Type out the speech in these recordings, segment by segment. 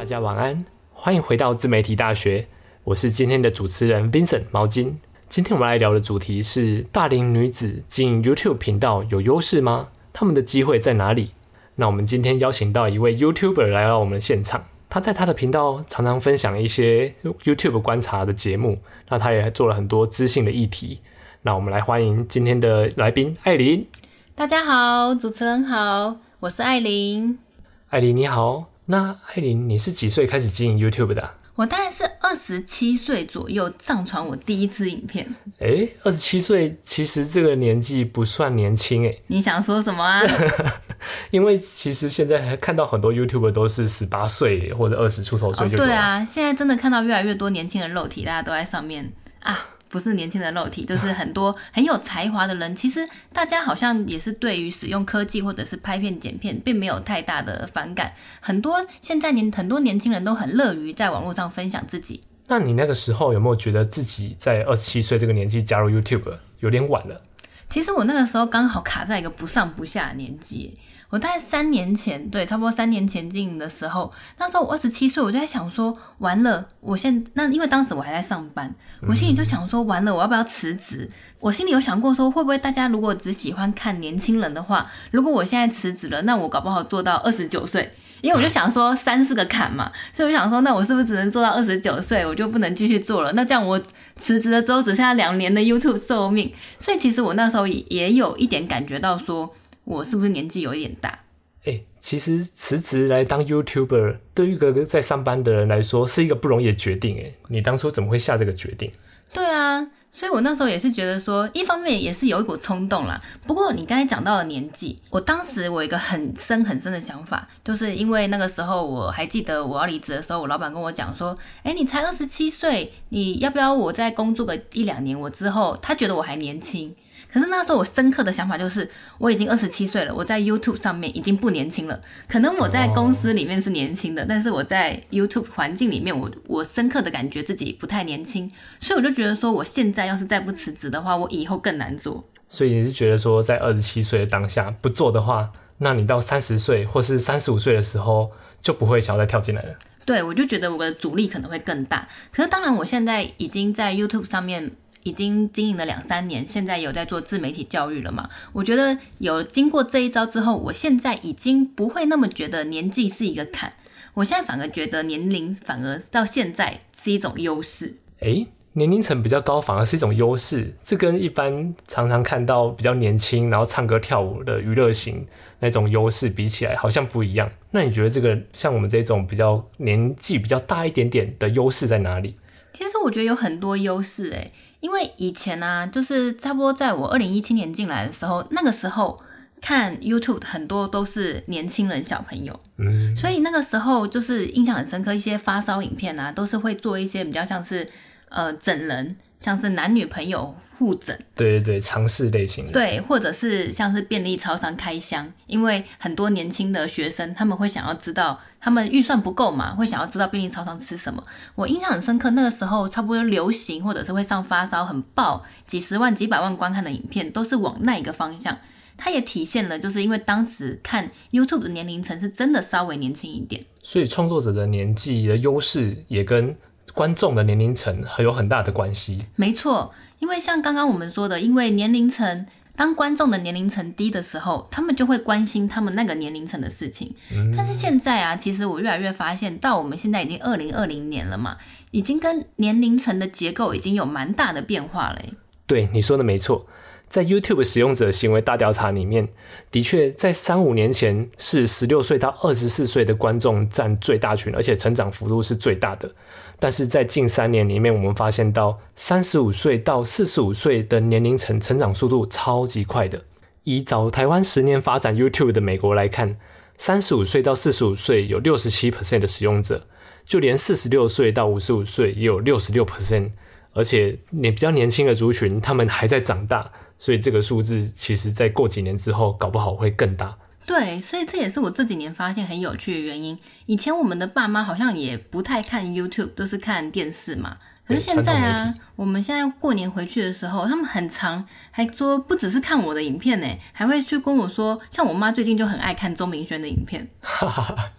大家晚安，歡迎回到自媒體大學。我是今天的主持人 Vincent 毛巾。今天我們來聊的主題是：大齡女子經營 YouTube 頻道有優勢嗎？她們的機會在哪裡？那我們今天邀請到一位 YouTuber 來到我們的現場。他在他的頻道常常分享一些 YouTube 觀察的節目。那他也做了很多知性的議題。那我們來歡迎今天的來賓艾琳。大家好，主持人好，我是艾琳。艾琳，你好。那艾琳，你是幾歲開始經營 YouTube 的啊？我大概是二十七歲左右上傳我第一支影片。誒，二十七歲其實這個年紀不算年輕誒。你想說什麼啊？ 因為其實現在看到很多 YouTuber 都是十八歲或者二十出頭歲就對了。哦，對啊。現在真的看到越來越多年輕人肉體，大家都在上面啊。不是年輕的肉體，就是很多很有才華的人、啊。其實大家好像也是對於使用科技或者是拍片剪片，並沒有太大的反感。很多現在年很多年輕人都很樂於在網絡上分享自己。那你那個時候有沒有覺得自己在二十七歲這個年紀加入 YouTube 有點晚了？其實我那個時候剛好卡在一個不上不下的年紀。我在三年前，對，差不多三年前經營的時候，那時候我二十七歲，我就在想說，完了，我現那因為當時我還在上班，我心裡就想說，完了，我要不要辭職？嗯嗯。我心裡有想過說，會不會大家如果只喜歡看年輕人的話，如果我現在辭職了，那我搞不好做到二十九歲，因為我就想說三四個坎嘛，嗯。所以我就想說，那我是不是只能做到二十九歲，我就不能繼續做了？那這樣我辭職了之後，只剩下兩年的 YouTube 壽命，所以其實我那時候也有一點感覺到說，我是不是年紀有點大？誒、欸，其實辭職來當 YouTuber 對於一個在上班的人來說是一個不容易的決定。誒，你當初怎麼會下這個決定？對啊，所以我那時候也是覺得說，一方面也是有一股衝動啦。不過你剛才講到的年紀，我當時我有一個很深很深的想法，就是因為那個時候我還記得我要離職的時候，我老闆跟我講說：“誒、欸，你才二十七歲，你要不要我再工作個一兩年？我之後他覺得我還年輕。”可是那時候我深刻的想法就是，我已經二十七歲了，我在 YouTube 上面已經不年輕了。可能我在公司裡面是年輕的，Oh. 但是我在 YouTube 環境裡面，我我深刻的感覺自己不太年輕。所以我就覺得說，我現在要是再不辭職的話，我以後更難做。所以你是覺得說，在二十七歲的當下不做的話，那你到三十歲或是三十五歲的時候，就不會想要再跳進來了？對，我就覺得我的阻力可能會更大。可是當然，我現在已經在 YouTube 上面。已經經營了兩三年，現在有在做自媒體教育了嘛？我覺得有經過這一招之後，我現在已經不會那麼覺得年紀是一個坎，我現在反而覺得年齡反而到現在是一種優勢。誒、欸，年齡層比較高反而是一種優勢，這跟一般常常看到比較年輕然後唱歌跳舞的娛樂型那種優勢比起來好像不一樣。那你覺得這個像我們這種比較年紀比較大一點點的優勢在哪裡？其實我覺得有很多優勢誒、欸。因為以前呢、啊，就是差不多在我二零一七年進來的時候，那個時候看 YouTube 很多都是年輕人小朋友、嗯，所以那個時候就是印象很深刻，一些發燒影片啊，都是會做一些比較像是呃整人。像是男女朋友互整，對對對，嘗試類型的，對，或者是像是便利超商開箱，因為很多年輕的學生他們會想要知道，他們預算不夠嘛，會想要知道便利超商吃什麼。我印象很深刻，那個時候差不多流行，或者是會上發燒很爆，幾十萬、幾百萬觀看的影片，都是往那一個方向。它也體現了，就是因為當時看 YouTube 的年齡層是真的稍微年輕一點，所以創作者的年紀的優勢也跟。觀眾的年齡層還有很大的關係。沒錯，因為像剛剛我們說的，因為年齡層，當觀眾的年齡層低的時候，他們就會關心他們那個年齡層的事情。嗯，但是現在啊，其實我越來越發現，到我們現在已經二零二零年了嘛，已經跟年齡層的結構已經有蠻大的變化了。對，你說的沒錯。在 YouTube 使用者行為大調查裡面，的確在三五年前，是十六歲到二十四歲的觀眾占最大群，而且成長幅度是最大的。但是在近三年裡面，我們發現到三十五歲到四十五歲的年齡層成長速度超級快的。以早台灣十年發展 YouTube 的美國來看，三十五歲到四十五歲有六十七 percent 的使用者，就連四十六歲到五十五歲也有六十六 percent，而且年比較年輕的族群，他們還在長大。所以這個數字其實，在過幾年之後，搞不好會更大。對，所以這也是我這幾年發現很有趣的原因。以前我們的爸媽好像也不太看 YouTube，都是看電視嘛。可是現在啊，我們現在過年回去的時候，他們很常還說，不只是看我的影片呢，還會去跟我說，像我媽最近就很愛看鍾明軒的影片。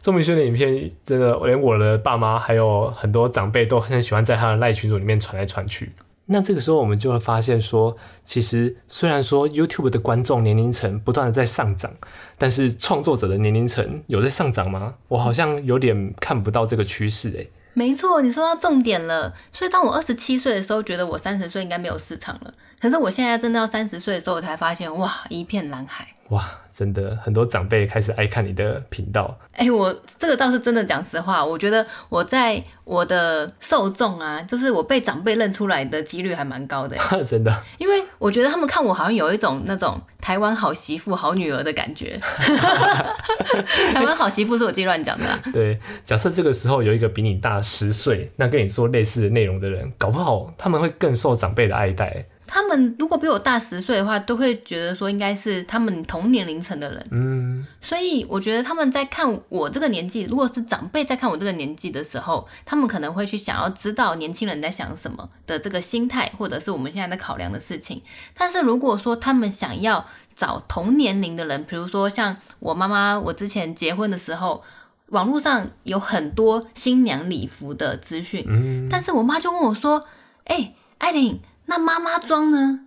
鍾明軒的影片真的，連我的爸媽還有很多長輩都很喜歡在他的賴群組裡面傳來傳去。那這個時候，我們就會發現說，其實雖然說 YouTube 的觀眾年齡層不斷的在上漲，但是創作者的年齡層有在上漲嗎？我好像有點看不到這個趨勢誒。沒錯，你說到重點了。所以當我二十七歲的時候，覺得我三十歲應該沒有市場了。可是我現在真的要三十歲的時候，我才發現，哇，一片藍海。哇，真的很多長輩開始愛看你的頻道。哎、欸，我這個倒是真的，講實話，我覺得我在我的受眾啊，就是我被長輩認出來的幾率還蠻高的。真的，因為我覺得他們看我好像有一種那種台灣好媳婦、好女兒的感覺。 台灣好媳婦是我自己亂講的、啊。 對，假設這個時候有一個比你大十歲，那跟你說類似的內容的人，搞不好他們會更受長輩的愛戴。他們如果比我大十歲的話，都會覺得說應該是他們同年齡層的人。嗯，所以我覺得他們在看我這個年紀，如果是長輩在看我這個年紀的時候，他們可能會去想要知道年輕人在想什麼的這個心態，或者是我們現在在考量的事情。但是如果說他們想要找同年齡的人，比如說像我媽媽，我之前結婚的時候，網絡上有很多新娘禮服的資訊，嗯，但是我媽就問我說：“哎、欸，艾琳。”那媽媽裝呢？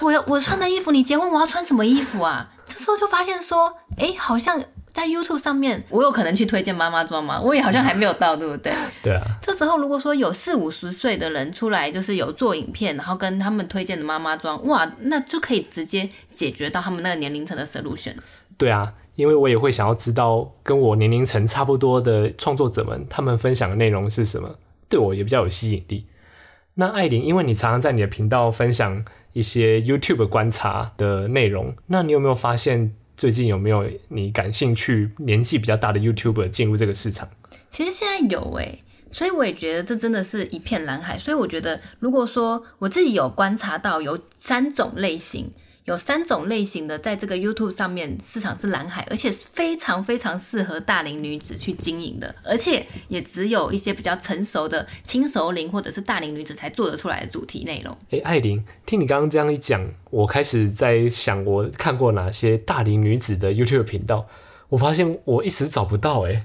我要我穿的衣服，你結婚我要穿什麼衣服啊？ 這時候就發現說，哎，好像在 YouTube 上面，我有可能去推薦媽媽裝嗎？我也好像還沒有到， 對不對？對啊。這時候如果說有四五十歲的人出來，就是有做影片，然後跟他們推薦的媽媽裝，哇，那就可以直接解決到他們那個年齡層的 solution。對啊，因為我也會想要知道跟我年齡層差不多的創作者們，他們分享的內容是什麼，對我也比較有吸引力。那艾琳，因為你常常在你的頻道分享一些 YouTube 觀察的內容，那你有沒有發現最近有沒有你感興趣、年紀比較大的 YouTuber 進入這個市場？其實現在有哎、欸，所以我也覺得這真的是一片藍海。所以我覺得，如果說我自己有觀察到，有三種類型。有三種類型的，在這個 YouTube 上面市場是藍海，而且是非常非常適合大齡女子去經營的，而且也只有一些比較成熟的輕熟齡或者是大齡女子才做得出來的主題內容。誒、欸，艾琳，聽你剛剛這樣一講，我開始在想我看過哪些大齡女子的 YouTube 頻道，我發現我一時找不到、欸。誒，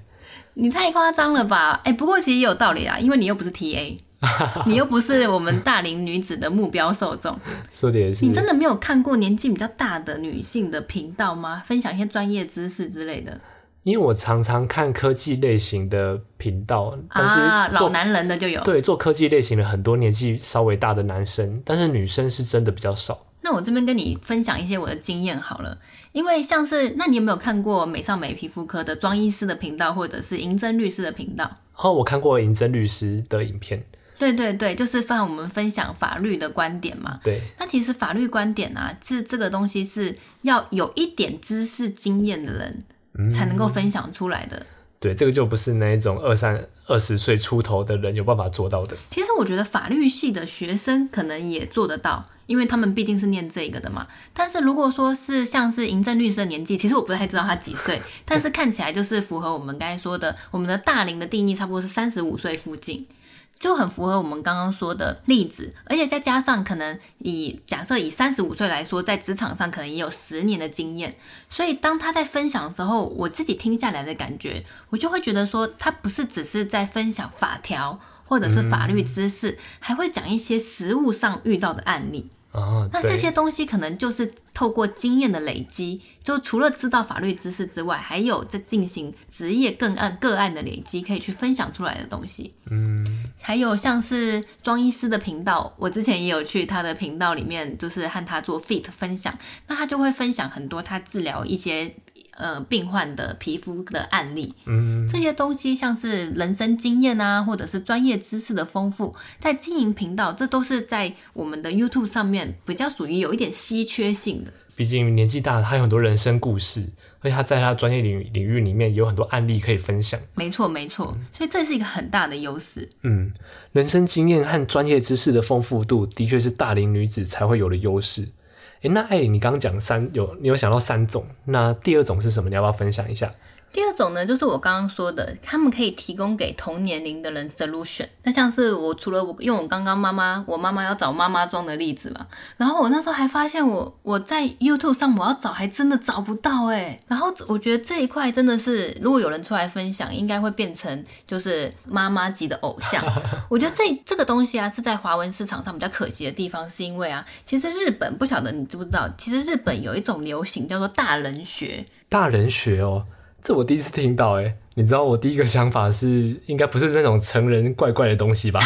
你太誇張了吧？誒、欸，不過其實也有道理啊，因為你又不是 TA。 你又不是我們大齡女子的目標受眾，說的也是。你真的沒有看過年紀比較大的女性的頻道嗎？分享一些專業知識之類的。因為我常常看科技類型的頻道，但是做、啊、老男人的就有。對，做科技類型的很多年紀稍微大的男生，但是女生是真的比較少。那我這邊跟你分享一些我的經驗好了，因為像是，那你有沒有看過美上美皮膚科的莊醫師的頻道，或者是銀針律師的頻道？哦，我看過銀針律師的影片。對對對，就是分我們分享法律的觀點嘛。對，那其實法律觀點啊，是這個東西是要有一點知識經驗的人才能夠分享出來的。嗯，對，這個就不是那一種二三二十歲出頭的人有辦法做到的。其實我覺得法律系的學生可能也做得到，因為他們畢竟是念這個的嘛。但是如果說是像是嬴政律師的年紀，其實我不太知道他幾歲， 但是看起來就是符合我們剛才說的，我們的大齡的定義，差不多是三十五歲附近。就很符合我們剛剛說的例子，而且再加上可能以假設以三十五歲來說，在職場上可能也有十年的經驗，所以當他在分享的時候，我自己聽下來的感覺，我就會覺得說，他不是只是在分享法條或者是法律知識，嗯、還會講一些實務上遇到的案例。啊、哦，那這些東西可能就是透過經驗的累積，就除了知道法律知識之外，還有在進行職業更案個案的累積，可以去分享出來的東西。嗯，還有像是莊醫師的頻道，我之前也有去他的頻道裡面，就是和他做 fit 分享，那他就會分享很多他治療一些。呃，病患的皮膚的案例，嗯，這些東西像是人生經驗啊，或者是專業知識的豐富，在經營頻道，這都是在我們的 YouTube 上面比較屬於有一點稀缺性的。畢竟年紀大，他有很多人生故事，而且他在他專業領域領域裡面有很多案例可以分享。沒錯，沒錯，所以這是一個很大的優勢。嗯，人生經驗和專業知識的豐富度，的確是大齡女子才會有的優勢。誒，那艾琳，你剛剛講三有，你有想到三種，那第二種是什麼？你要不要分享一下？第二種呢，就是我剛剛說的，他們可以提供給同年齡的人 solution。那像是我除了我用我剛剛媽媽，我媽媽要找媽媽裝的例子嘛。然後我那時候還發現我我在 YouTube 上我要找，還真的找不到欸。然後我覺得這一塊真的是，如果有人出來分享，應該會變成就是媽媽級的偶像。 我覺得這這個東西啊，是在華文市場上比較可惜的地方，是因為啊，其實日本不曉得你知不知道，其實日本有一種流行叫做大人學，大人學哦。這我第一次聽到。誒，你知道我第一個想法是應該不是那種成人怪怪的東西吧？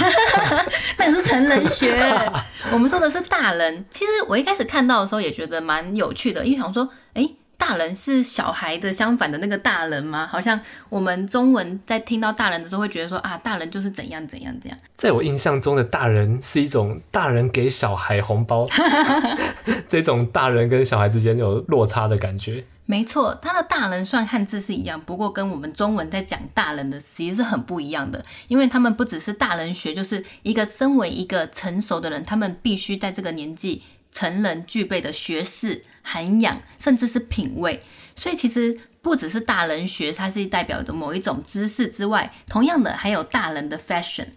那也是成人學， 我們說的是大人。其實我一開始看到的時候也覺得蠻有趣的，因為想說，誒，大人是小孩的相反的那個大人嗎？好像我們中文在聽到大人的時候，會覺得說啊，大人就是怎樣怎樣怎樣。在我印象中的大人是一種大人給小孩紅包， 這種大人跟小孩之間有落差的感覺。沒錯，他的大人算漢字是一樣，不過跟我們中文在講大人的，其實是很不一樣的。因為他們不只是大人學，就是一個身為一個成熟的人，他們必須在這個年紀成人具備的學識、涵養，甚至是品味。所以其實不只是大人學，它是代表着某一種知識之外，同樣的還有大人的 fashion。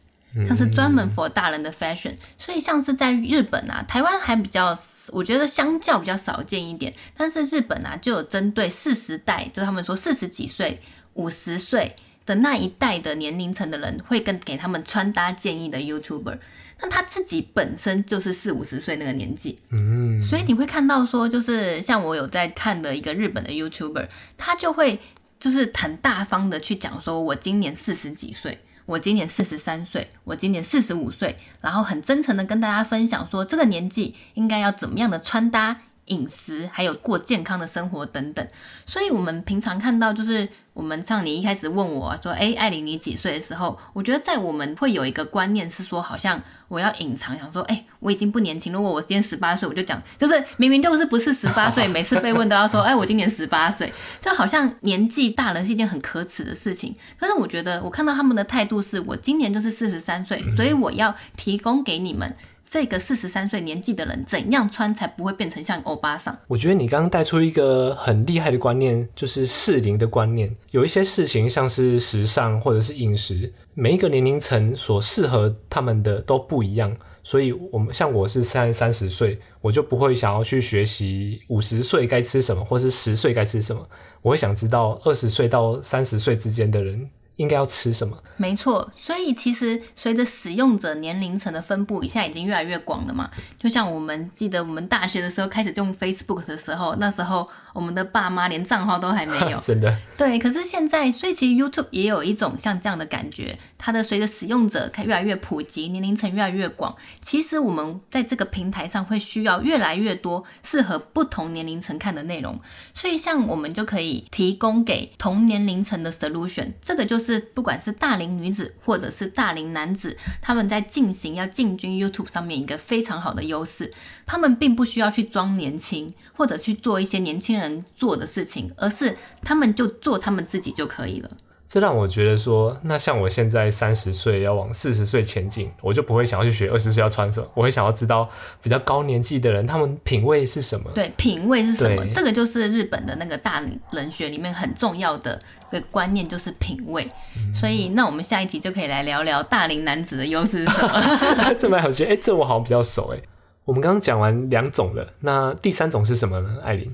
它是專門 for 大人的 fashion。Mm-hmm. 所以像是在日本啊，台灣還比較，我覺得相較比較少見一點。但是日本啊，就有針對四十代，就他們說四十幾歲、五十歲的那一代的年齡層的人，會跟給他們穿搭建議的 YouTuber。那他自己本身就是四五十歲那個年紀，嗯、Mm-hmm.，所以你會看到說，就是像我有在看的一個日本的 YouTuber，他就會就是很大方的去講說，我今年四十幾歲。我今年四十三歲，我今年四十五歲，然後很真誠的跟大家分享說，這個年紀應該要怎麼樣的穿搭。飲食，還有過健康的生活等等，所以，我們平常看到，就是我們像你一開始問我、啊、說，誒、欸，艾琳，你幾歲的時候？我覺得在我們會有一個觀念是說，好像我要隱藏，想說，誒、欸，我已經不年輕。如果我今年十八歲，我就講，就是明明就是不是十八歲，每次被問都要說，誒、欸，我今年十八歲，就好像年紀大了是一件很可恥的事情。可是我覺得，我看到他們的態度是，我今年就是四十三歲，所以我要提供給你們。這個四十三歲年紀的人怎樣穿才不會變成像歐巴桑？我覺得你剛剛帶出一個很厲害的觀念，就是適齡的觀念。有一些事情，像是時尚或者是飲食，每一個年齡層所適合他們的都不一樣。所以，我們像我是三三十歲，我就不會想要去學習五十歲該吃什麼，或是十歲該吃什麼。我會想知道二十歲到三十歲之間的人。應該要吃什麼？沒錯，所以其實隨着使用者年齡層的分布，現在已經越來越廣了嘛。就像我們記得我們大學的時候開始用 Facebook 的時候，那時候我們的爸媽連賬號都還沒有。 真的？對。可是現在，所以其實 YouTube 也有一種像這樣的感覺，它的隨着使用者越來越普及，年齡層越來越廣，其實我們在這個平台上會需要越來越多適合不同年齡層看的內容。所以像我們就可以提供給同年齡層的 solution，這個就是。是，不管是大齡女子或者是大齡男子，他們在進行要進軍 YouTube 上面一個非常好的優勢，他們並不需要去裝年輕或者去做一些年輕人做的事情，而是他們就做他們自己就可以了。這讓我覺得說，那像我現在三十歲要往四十歲前進，我就不會想要去學二十歲要穿什麼，我會想要知道比較高年紀的人他們品味是什麼。對，品味是什麼？這個就是日本的那個大人學裡面很重要的一個觀念，就是品味、嗯。所以，那我們下一集就可以來聊聊大齡男子的優勢是什麼。這蠻好學哎，這我好像比較熟哎。 我們剛剛講完兩種了，那第三種是什麼呢？艾琳？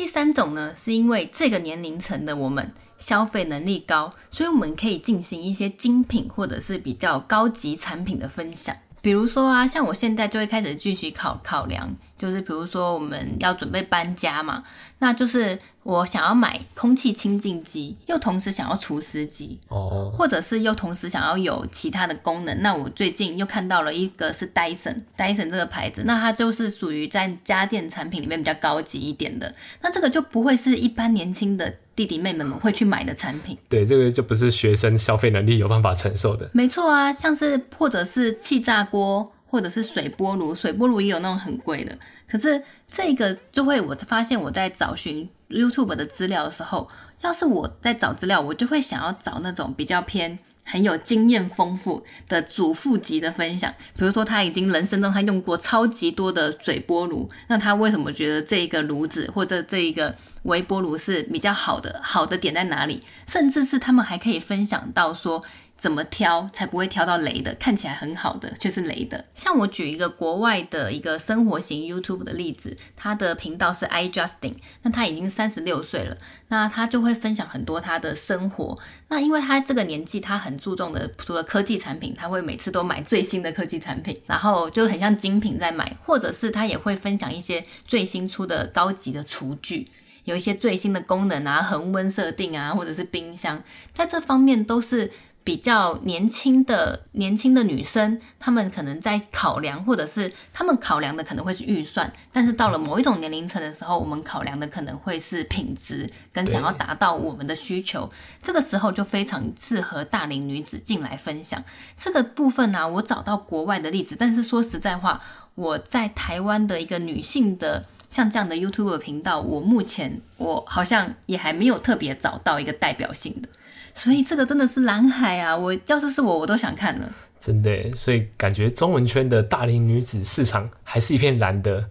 第三種呢，是因為這個年齡層的我們消費能力高，所以我們可以進行一些精品或者是比較高級產品的分享。比如說啊，像我現在就會開始繼續考考量，就是比如說我們要準備搬家嘛，那就是我想要買空氣清淨機，又同時想要除濕機，哦、oh，或者是又同時想要有其他的功能。那我最近又看到了一個是 Dyson，Dyson Dyson 這個牌子，那它就是屬於在家電產品裡面比較高級一點的，那這個就不會是一般年輕的。弟弟妹妹們會去買的產品，對，這個就不是學生消費能力有辦法承受的。沒錯啊，像是或者是氣炸鍋，或者是水波爐，水波爐也有那種很貴的。可是這個就會，我發現我在找尋 YouTube 的資料的時候，要是我在找資料，我就會想要找那種比較偏很有經驗豐富的祖父級的分享。比如說他已經人生中他用過超級多的水波爐，那他為什麼覺得這一個爐子或者這一個？微波爐是比較好的，好的點在哪裡？甚至是他們還可以分享到說怎麼挑才不會挑到雷的，看起來很好的卻是雷的。像我舉一個國外的一個生活型 YouTube 的例子，他的頻道是 iJustine。那他已經三十六歲了，那他就會分享很多他的生活。那因為他這個年紀，他很注重的，除了科技產品，他會每次都買最新的科技產品，然後就很像精品在買，或者是他也會分享一些最新出的高級的廚具。有一些最新的功能啊，恆溫設定啊，或者是冰箱，在這方面都是比較年輕的，年輕的女生，她們可能在考量，或者是她們考量的可能會是預算，但是到了某一種年齡層的時候，我們考量的可能會是品質跟想要達到我們的需求，這個時候就非常適合大齡女子進來分享這個部分呢，啊。我找到國外的例子，但是說實在話，我在台灣的一個女性的。像這樣的 YouTube 頻道，我目前我好像也還沒有特別找到一個代表性的，所以這個真的是藍海啊！我要是是我，我都想看了。真的，所以感覺中文圈的大齡女子市場還是一片藍的。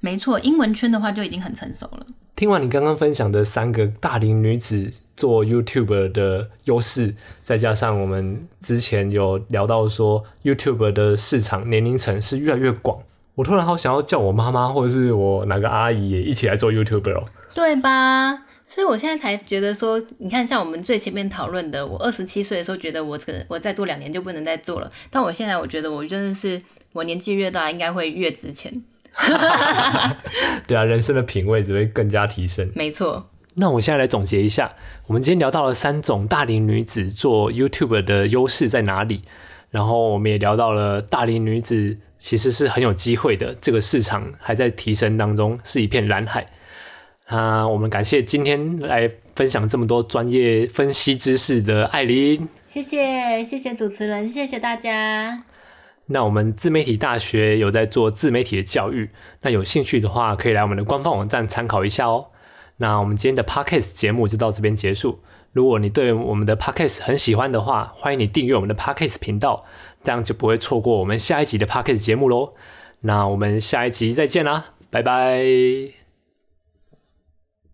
沒錯，英文圈的話就已經很成熟了。聽完你剛剛分享的三個大齡女子做 YouTube 的優勢，再加上我們之前有聊到說 YouTube 的市場年齡層是越來越廣。我突然好想要叫我媽媽或者是我哪個阿姨也一起來做 YouTube 哦，對吧？所以我現在才覺得說，你看，像我們最前面討論的，我二十七歲的時候覺得我可能我再做兩年就不能再做了，但我現在我覺得我真的是我年紀越大，應該會越值錢。 對啊，人生的品味只會更加提升。沒錯。那我現在來總結一下，我們今天聊到了三種大齡女子做 YouTube 的優勢在哪裡，然後我們也聊到了大齡女子。其實是很有機會的，這個市場還在提升當中，是一片藍海。啊，我們感謝今天來分享這麼多專業分析知識的艾琳。謝謝，謝謝主持人，謝謝大家。那我們自媒體大學有在做自媒體的教育，那有興趣的話可以來我們的官方網站參考一下哦。那我們今天的 Podcast 節目就到這邊結束。如果你對我們的 podcast 很喜歡的話，歡迎你訂閱我們的 podcast 頻道，這樣就不會錯過我們下一集的 podcast 節目嘍。那我們下一集再見啦，拜拜。